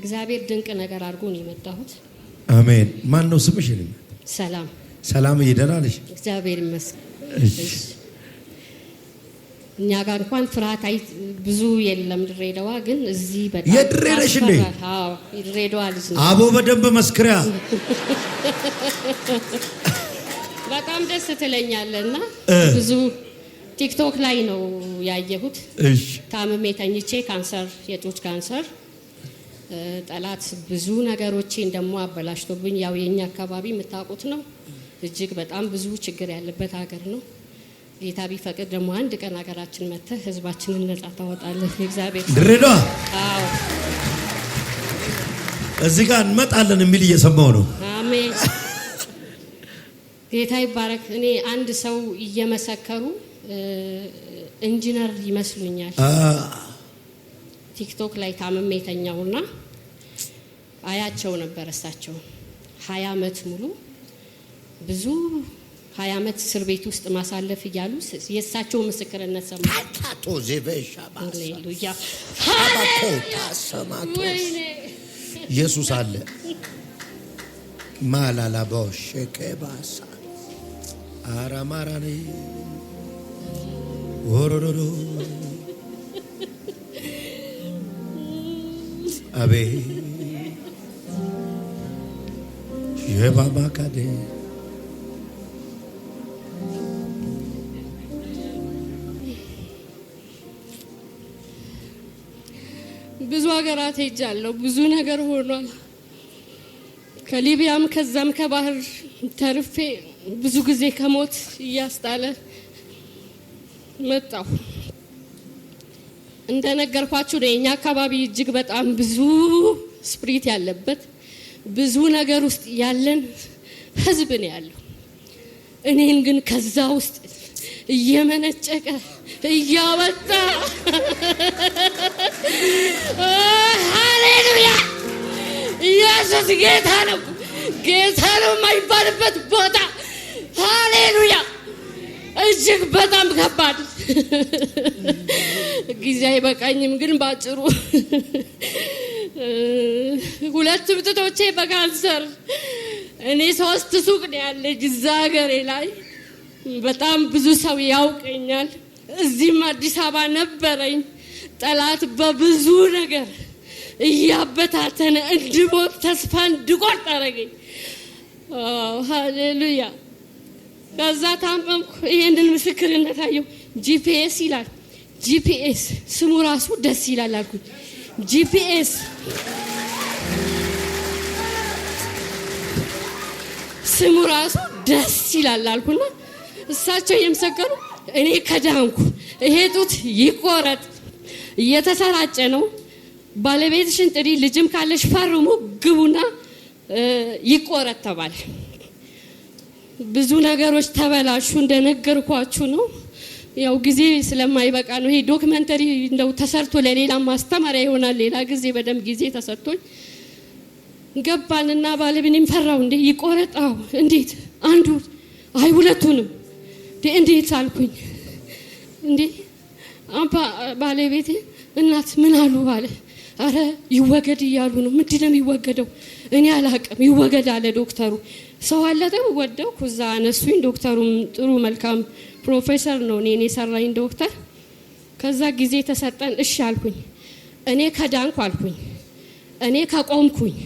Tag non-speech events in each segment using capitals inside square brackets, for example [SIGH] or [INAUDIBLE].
እግዚአብሔር ድንቅ ነገር አድርጎ ነው የመጣሁት። አሜን። ማን ነው ስምሽ? ሰላም ሰላም። እየደናለሽ? እግዚአብሔር ይመስገን። እኛ ጋር እንኳን ፍርሃት ብዙ የለም። ድሬዳዋ ግን እዚህ በጣም የድሬዳሽ እንዴ? ድሬዳዋ ልጅ ነው። አቦ በደንብ መስክሪያ። [LAUGHS] በጣም ደስ ትለኛለህ እና ብዙ ቲክቶክ ላይ ነው ያየሁት። ታምሜ ተኝቼ ካንሰር፣ የጡት ካንሰር ጠላት ብዙ ነገሮቼን ደግሞ አበላሽቶብኝ፣ ያው የኛ አካባቢ የምታውቁት ነው፣ እጅግ በጣም ብዙ ችግር ያለበት ሀገር ነው። ጌታ ቢፈቅድ ደግሞ አንድ ቀን ሀገራችን መጥተህ ህዝባችንን ነጻ ታወጣለህ። እግዚአብሔር ድሬዳዋ እዚህ ጋር እንመጣለን የሚል እየሰማው ነው። አሜን፣ ጌታ ይባረክ። እኔ አንድ ሰው እየመሰከሩ ኢንጂነር ይመስሉኛል ቲክቶክ ላይ ታምም የተኛውና አያቸው ነበር። እሳቸው ሀያ አመት ሙሉ ብዙ ሀያ አመት እስር ቤት ውስጥ ማሳለፍ እያሉ የእሳቸው ምስክርነት ሰማቶ ኢየሱስ አለ ማላላ በሸቀ ባሳ አራማራ ወሮሮሮ አቤት የባባካዴ ብዙ ሀገራት ሄጃለሁ። ብዙ ነገር ሆኗል። ከሊቢያም ከዛም ከባህር ተርፌ ብዙ ጊዜ ከሞት እያስጣለ መጣሁ። እንደነገርኳችሁ ነው የኛ አካባቢ እጅግ በጣም ብዙ ስፕሪት ያለበት ብዙ ነገር ውስጥ ያለን ህዝብ ነው ያለው። እኔን ግን ከዛ ውስጥ እየመነጨቀ እያወጣ ሃሌሉያ! ኢየሱስ ጌታ ነው፣ ጌታ ነው የማይባልበት ቦታ ሃሌሉያ! እጅግ በጣም ከባድ ጊዜ አይበቃኝም፣ ግን ባጭሩ ሁለት ምጥቶቼ በካንሰር እኔ ሶስት ሱቅ ነው ያለኝ እዛ ሀገሬ ላይ በጣም ብዙ ሰው ያውቀኛል። እዚህም አዲስ አበባ ነበረኝ። ጠላት በብዙ ነገር እያበታተነ እንድሞት ተስፋ እንድቆርጥ አረገኝ። ሀሌሉያ። ከዛ ታመምኩ። ይህንን ምስክርነት አየሁ። ጂፒኤስ ይላል ጂፒኤስ ስሙ ራሱ ደስ ይላል አልኩኝ። ጂፒኤስ ስሙ ራሱ ደስ ይላል አልኩና እሳቸው እየመሰከሩ እኔ ከዳንኩ ይሄ ጡት ይቆረጥ እየተሰራጨ ነው። ባለቤትሽን ጥሪ፣ ልጅም ካለሽ ፈርሙ፣ ግቡና ይቆረጥ ተባለ። ብዙ ነገሮች ተበላሹ። እንደነገርኳችሁ ነው። ያው ጊዜ ስለማይበቃ ነው ይሄ ዶክመንተሪ እንደው ተሰርቶ ለሌላ ማስተማሪያ ይሆናል። ሌላ ጊዜ በደንብ ጊዜ ተሰጥቶኝ ገባንና ባለቤቴም ፈራው። እንዴ ይቆረጣው እንዴት አንዱ አይ ሁለቱንም እንዴት አልኩኝ። እንዴ አባ ባለቤቴ እናት ምን አሉ ባለ አረ ይወገድ እያሉ ነው። ምንድን ነው የሚወገደው? እኔ አላቅም። ይወገድ አለ ዶክተሩ። ሰው አለ ተው ወደው ኩዛ አነሱኝ። ዶክተሩም ጥሩ መልካም ፕሮፌሰር ነው እኔን የሰራኝ ዶክተር። ከዛ ጊዜ ተሰጠን። እሺ አልኩኝ። እኔ ከዳንኩ አልኩኝ። እኔ ከቆምኩኝ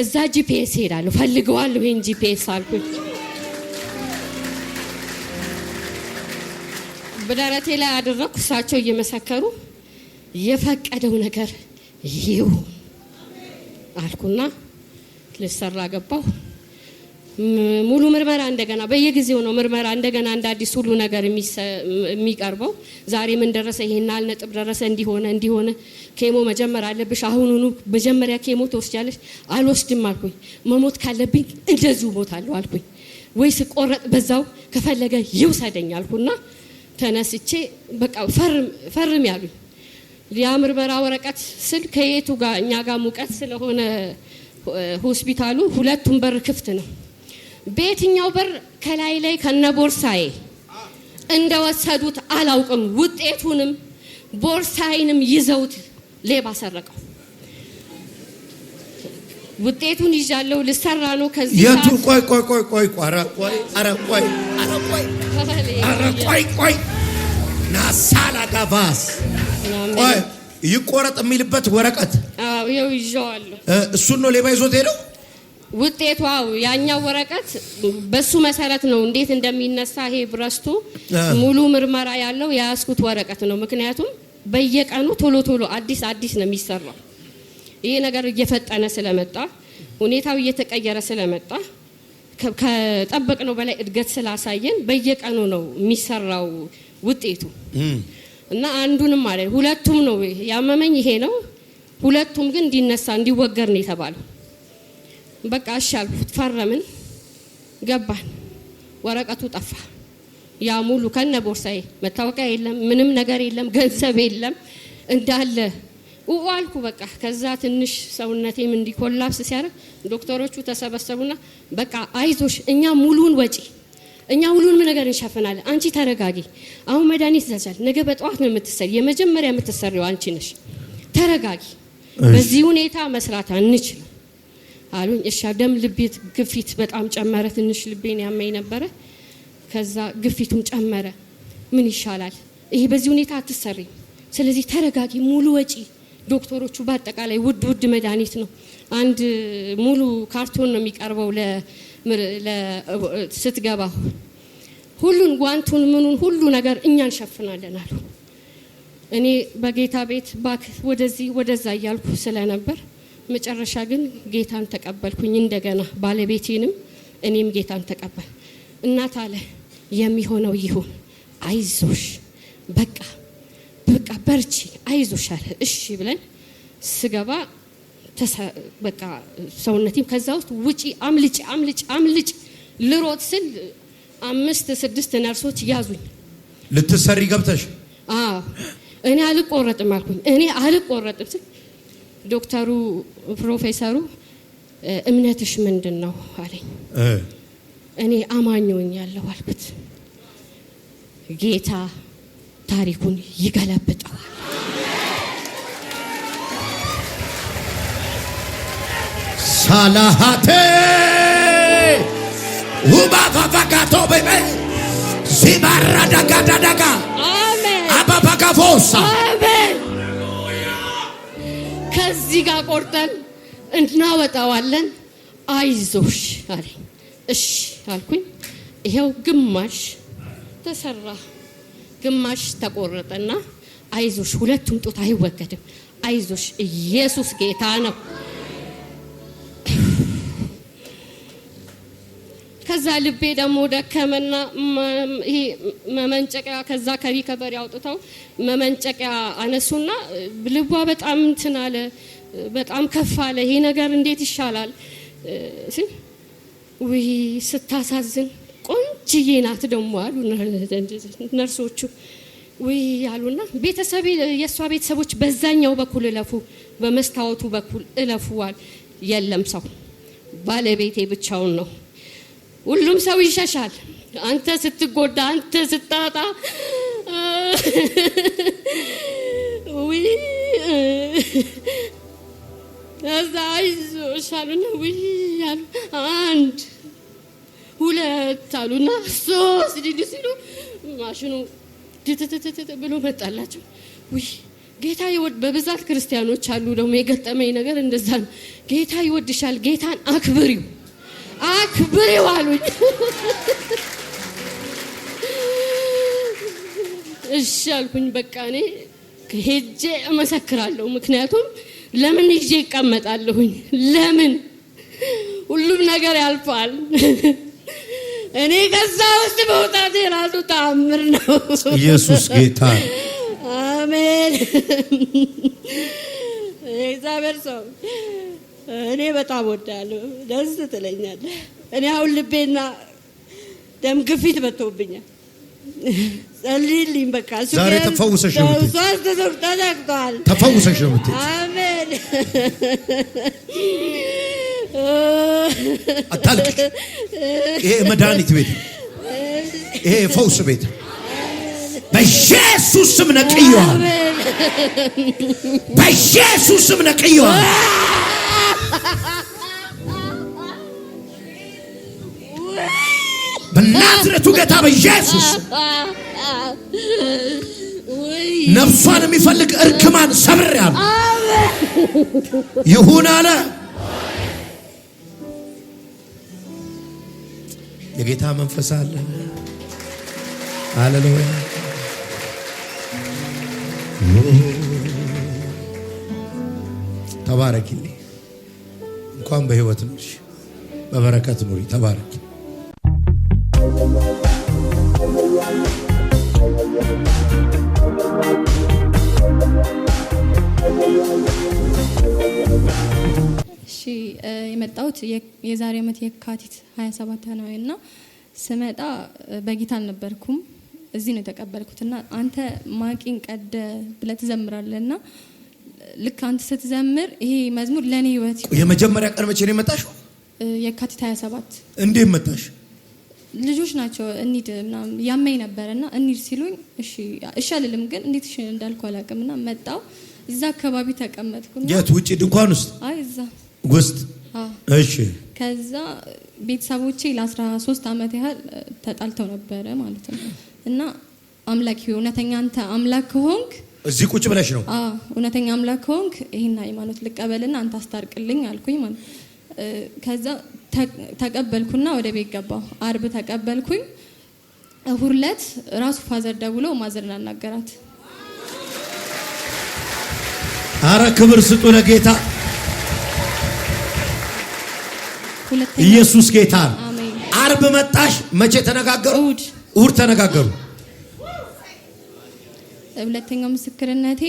እዛ ጂፒኤስ ሄዳለሁ ፈልገዋለሁ፣ ይህን ጂፒኤስ አልኩኝ። በደረቴ ላይ አደረግኩ። እሳቸው እየመሰከሩ የፈቀደው ነገር ይው አልኩና ልሰራ ገባሁ። ሙሉ ምርመራ እንደገና በየጊዜው ነው ምርመራ እንደገና እንደ አዲስ ሁሉ ነገር የሚቀርበው። ዛሬ ምን ደረሰ? ይሄን ያህል ነጥብ ደረሰ፣ እንዲሆነ እንዲሆነ ኬሞ መጀመር አለብሽ፣ አሁኑኑ መጀመሪያ ኬሞ ትወስጃለሽ። አልወስድም አልኩኝ። መሞት ካለብኝ እንደዚሁ አለው አልኩኝ። ወይስ ቆረጥ በዛው ከፈለገ ይውሰደኝ አልኩና ተነስቼ በቃ ፈርም ያሉኝ ያ ምርመራ ወረቀት ስል ከየቱ ጋር እኛ ጋር ሙቀት ስለሆነ ሆስፒታሉ ሁለቱም በር ክፍት ነው። በየትኛው በር ከላይ ላይ ቦርሳዬ እንደወሰዱት አላውቅም። ውጤቱንም ቦርሳዬንም ይዘውት ሌባ ሰረቀው። ውጤቱን ይዣለሁ። ልሰራ ነው ከዚህ የቱ ቆይ ቆይ ቆይ ቆይ ቆይ ቆይ ቆይ ቆይ ቆይ ቆይ ቆይ ቆይ ቆይ ቆይ ቆይ ይቆረጥ የሚልበት ወረቀት ይኸው ይዤዋለሁ። እሱን ነው ሌባ ይዞት ሄደው ውጤቷ ያኛው ወረቀት በሱ መሰረት ነው እንዴት እንደሚነሳ ይሄ ብረስቱ ሙሉ ምርመራ ያለው የያዝኩት ወረቀት ነው። ምክንያቱም በየቀኑ ቶሎ ቶሎ አዲስ አዲስ ነው የሚሰራው። ይሄ ነገር እየፈጠነ ስለመጣ ሁኔታው እየተቀየረ ስለመጣ ከጠበቅነው በላይ እድገት ስላሳየን በየቀኑ ነው የሚሰራው ውጤቱ። እና አንዱንም አለ ሁለቱም ነው ያመመኝ ይሄ ነው። ሁለቱም ግን እንዲነሳ እንዲወገር ነው የተባለው። በቃ እሺ ፈረምን፣ ገባን። ወረቀቱ ጠፋ። ያ ሙሉ ከነ ቦርሳዬ መታወቂያ የለም፣ ምንም ነገር የለም፣ ገንዘብ የለም እንዳለ አልኩ። በቃ ከዛ ትንሽ ሰውነቴም እንዲኮላፕስ ሲያደርግ ዶክተሮቹ ተሰበሰቡና በቃ አይዞሽ እኛ ሙሉን ወጪ እኛ ሁሉንም ነገር እንሸፍናለን። አንቺ ተረጋጊ። አሁን መድኃኒት ይዘሻል። ነገ በጠዋት ነው የምትሰሪ። የመጀመሪያ የምትሰሪው አንቺ ነሽ። ተረጋጊ። በዚህ ሁኔታ መስራት አንችልም አሉኝ። እሺ ደም ልቤት ግፊት በጣም ጨመረ። ትንሽ ልቤን ያመኝ ነበረ። ከዛ ግፊቱም ጨመረ። ምን ይሻላል? ይሄ በዚህ ሁኔታ አትሰሪም። ስለዚህ ተረጋጊ። ሙሉ ወጪ ዶክተሮቹ በአጠቃላይ ውድ ውድ መድኃኒት ነው። አንድ ሙሉ ካርቶን ነው የሚቀርበው ለ ስትገባ ሁሉን ጓንቱን ምኑን ሁሉ ነገር እኛ እንሸፍናለን አሉ። እኔ በጌታ ቤት ባክ ወደዚህ ወደዛ እያልኩ ስለነበር መጨረሻ ግን ጌታን ተቀበልኩኝ። እንደገና ባለቤቴንም እኔም ጌታን ተቀበል። እናት አለ የሚሆነው ይሁን፣ አይዞሽ፣ በቃ በቃ በርቺ፣ አይዞሽ አለ። እሺ ብለን ስገባ በቃ ሰውነቴም ከዛ ውስጥ ውጪ አምልጭ አምልጭ አምልጭ ልሮጥ ስል አምስት ስድስት ነርሶች ያዙኝ። ልትሰሪ ገብተሽ? እኔ አልቆረጥም አልኩኝ። እኔ አልቆረጥም ስል ዶክተሩ ፕሮፌሰሩ እምነትሽ ምንድን ነው አለኝ። እኔ አማኞኝ ያለሁ አልኩት። ጌታ ታሪኩን ይገለብጠዋል። ሳላሃቴ ውባ ፈፈጋቶ ሲባራ ደጋ ደደጋ አበበገፎሳ ከዚህ ጋር ቆርጠን እናወጣዋለን። አይዞሽ አለኝ። እሺ አልኩኝ። ይኸው ግማሽ ተሰራ፣ ግማሽ ተቆረጠና አይዞሽ፣ ሁለቱም ጡት አይወገድም። አይዞሽ፣ ኢየሱስ ጌታ ነው። ከዛ ልቤ ደግሞ ደከመና ይሄ መመንጨቂያ ከዛ ከሪከቨሪ አውጥተው መመንጨቂያ አነሱና ልቧ በጣም እንትን አለ፣ በጣም ከፍ አለ። ይሄ ነገር እንዴት ይሻላል ውይ ስታሳዝን ቆንጅዬ ናት ደግሞ አሉ ነርሶቹ። ውይ አሉና ቤተሰብ የእሷ ቤተሰቦች በዛኛው በኩል እለፉ፣ በመስታወቱ በኩል እለፉዋል። የለም ሰው ባለቤቴ ብቻውን ነው ሁሉም ሰው ይሸሻል። አንተ ስትጎዳ፣ አንተ ስታጣ እዛ አይዞሽ አሉና ውይ አሉ። አንድ ሁለት አሉና ሶስት ድድ ሲሉ ማሽኑ ድትትትት ብሎ መጣላቸው። ውይ ጌታ ይወድ በብዛት ክርስቲያኖች አሉ። ደግሞ የገጠመኝ ነገር እንደዛ ነው። ጌታ ይወድሻል፣ ጌታን አክብሪው አክብር አሉኝ። እሺ አልኩኝ። በቃ እኔ ሄጄ እመሰክራለሁ። ምክንያቱም ለምን ይዤ ይቀመጣለሁኝ? ለምን ሁሉም ነገር ያልፋል። እኔ ከዛ ውስጥ መውጣት የራሱ ተአምር ነው። ኢየሱስ ጌታ አሜን። እግዚአብሔር ሰው እኔ በጣም ወዳለሁ ደስ ትለኛለ። እኔ አሁን ልቤና ደም ግፊት መጥቶብኛል። ጸልይልኝ በቃ ዛሬ ተፈውሰሽ ነው ተዘግቷል። ተፈውሰሽ ነው አሜን። አታልቅሽ። ይሄ መድኃኒት ቤት፣ ይሄ የፈውስ ቤት በኢየሱስ ስም ነቅየዋል። በኢየሱስ ስም ነቅየዋል። በናዝረቱ ጌታ በኢየሱስ ነፍሷን የሚፈልግ እርክማን ሰብር ያለ ይሁን አለ። የጌታ መንፈስ አለ። ሃሌሉያ ተባረኪልኝ። እንኳን በህይወት ኑሪ፣ በበረከት ኑሪ። ተባረክ። እሺ የመጣሁት የዛሬ ዓመት የካቲት 27 ነው እና ስመጣ በጌታ አልነበርኩም። እዚህ ነው የተቀበልኩት እና አንተ ማቂን ቀደ ብለህ ትዘምራለህ እና ልክ አንተ ስትዘምር ይሄ መዝሙር ለእኔ ህይወት። የመጀመሪያ ቀን መቼ ነው የመጣሽው? የካቲት 27 እንዴ መጣሽ? ልጆች ናቸው እንሂድ ምናምን ያመኝ ነበር እና እንሂድ ሲሉኝ እሺ እሺ አልልም፣ ግን እንዴት እሺ እንዳልኩ አላውቅም። እና መጣው እዛ አካባቢ ተቀመጥኩ። የት ውጪ ድንኳን ውስጥ? አይ እዛ ውስጥ። እሺ ከዛ ቤተሰቦቼ ለ13 ዓመት ያህል ተጣልተው ነበረ ማለት ነው እና አምላክ እውነተኛ አንተ አምላክ ከሆንክ እዚህ ቁጭ ብለሽ ነው እውነተኛ አምላክ ከሆንክ ይህን ሃይማኖት ልቀበልና አንተ አስታርቅልኝ አልኩኝ ማለት ከዛ ተቀበልኩና ወደ ቤት ገባሁ። አርብ ተቀበልኩኝ። እሁድ ዕለት ራሱ ፋዘር ደውሎ ማዘርን አናገራት። አረ ክብር ስጡ ለጌታ። ኢየሱስ ጌታ። አርብ መጣሽ፣ መቼ ተነጋገሩ? እሁድ ተነጋገሩ። ሁለተኛው ምስክርነቴ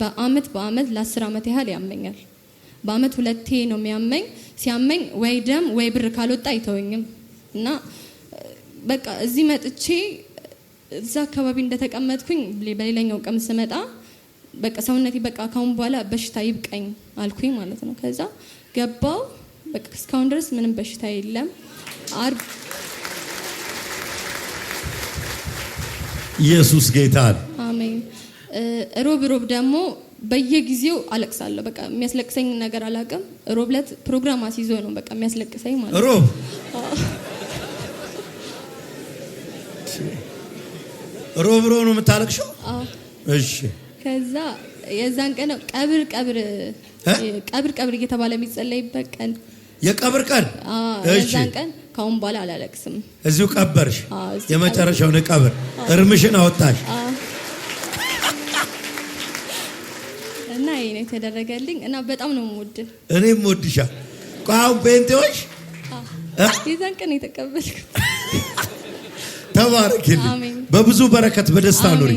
በአመት በአመት ለአስር አመት ያህል ያመኛል። በአመት ሁለቴ ነው የሚያመኝ። ሲያመኝ ወይ ደም ወይ ብር ካልወጣ አይተወኝም እና በቃ እዚህ መጥቼ እዛ አካባቢ እንደተቀመጥኩኝ በሌላኛው ቀን ስመጣ በቃ ሰውነቴ በቃ ካሁን በኋላ በሽታ ይብቀኝ አልኩኝ ማለት ነው። ከዛ ገባው በቃ እስካሁን ድረስ ምንም በሽታ የለም። ኢየሱስ ጌታ ሮብ ሮብ ደግሞ በየጊዜው አለቅሳለሁ። በቃ የሚያስለቅሰኝ ነገር አላውቅም። ሮብ ዕለት ፕሮግራም አስይዞ ነው በቃ የሚያስለቅሰኝ ማለት ነው። ሮብ ሮብ ሮብ ነው የምታለቅሽው? እሺ። ከዛ የዛን ቀን ቀብር ቀብር ቀብር ቀብር እየተባለ የሚጸለይበት ቀን የቀብር ቀን የዛን ቀን ከአሁን በኋላ አላለቅስም። እዚሁ ቀበርሽ፣ የመጨረሻውን ቀብር እርምሽን አወጣሽ። የተደረገልኝ እና በጣም ነው የምወድ። እኔም ወድሻል። ቋው ጴንጤዎች የዛን ቀን የተቀበልኩት ተባረክልኝ። በብዙ በረከት በደስታ ኑሪ።